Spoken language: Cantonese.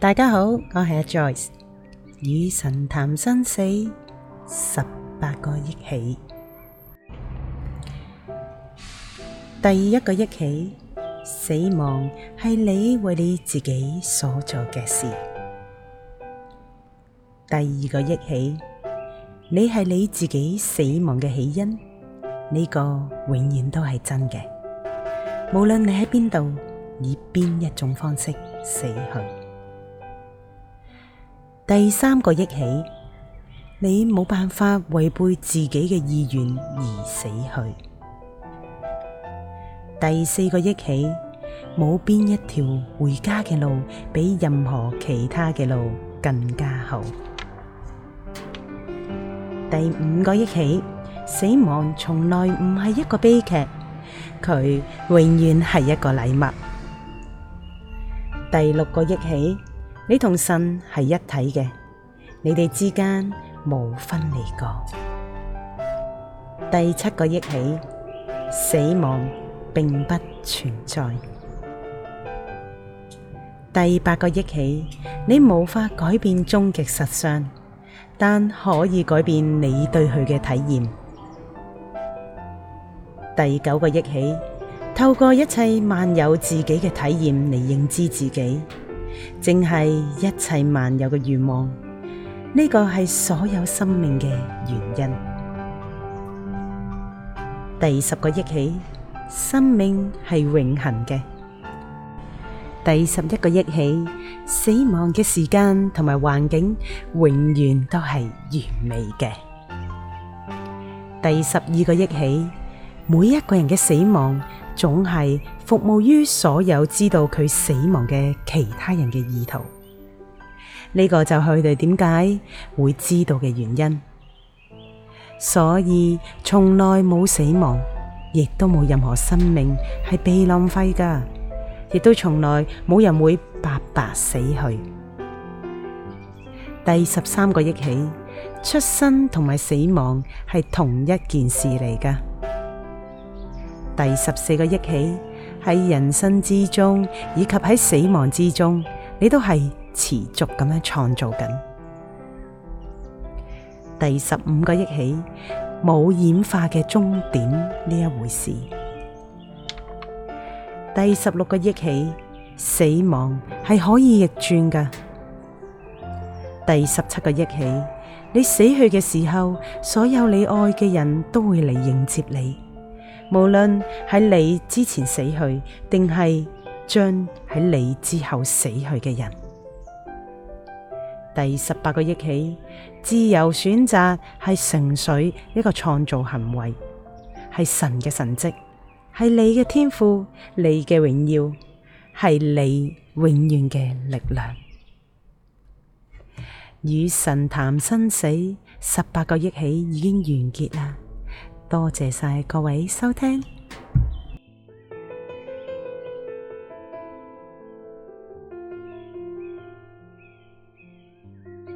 大家好，我係阿 Joyce，與神談生死十八個憶起。第一個憶起，死亡係你為你自己所做嘅事。第二個憶起，你係你自己死亡嘅起因，呢個永遠都係真嘅。無論你喺邊度，以邊一種方式死去。第三個憶起，你冇辦法違背自己嘅意願而死去。第四個憶起，冇邊一條回家嘅路比任何其他嘅路更加好。第五個憶起，死亡從來唔係一個悲劇，佢永遠係一個禮物。第六個憶起。你同神係一體嘅，你哋之間冇分離過。第七個憶起，死亡並不存在。第八個憶起，你無法改變終極實相，但可以改變你對佢嘅體驗。第九個憶起，透過一切萬有自己嘅體驗嚟認知自己。正係一切萬有嘅願望，呢個係所有生命嘅原因。第十個憶起，生命係永恒嘅。第十一個憶起，死亡嘅時間同埋環境永遠都係完美嘅。第十二個憶起，每一個人嘅死亡，總係服務於所有知道佢死亡嘅其他人嘅意圖，呢、這個就係佢哋點解會知道嘅原因。所以從來冇死亡，亦都冇任何生命係被浪費噶，亦都從來冇人會白白死去。第十三個憶起，出生同埋死亡係同一件事嚟噶。第十四個憶起，喺人生之中以及喺死亡之中，你都係持續咁樣創造緊。第十五個憶起，冇演化嘅終點呢一回事。第十六個憶起，死亡係可以逆轉噶。第十七個憶起，你死去嘅時候，所有你愛嘅人都會嚟迎接你。無論喺你之前死去，定係將喺你之後死去嘅人。第十八個憶起，自由選擇係純粹一個創造行為，係神嘅神蹟，係你嘅天賦，你嘅榮耀，係你永遠嘅力量。與神談生死，十八個憶起已經完結啦。多謝曬各位收聽。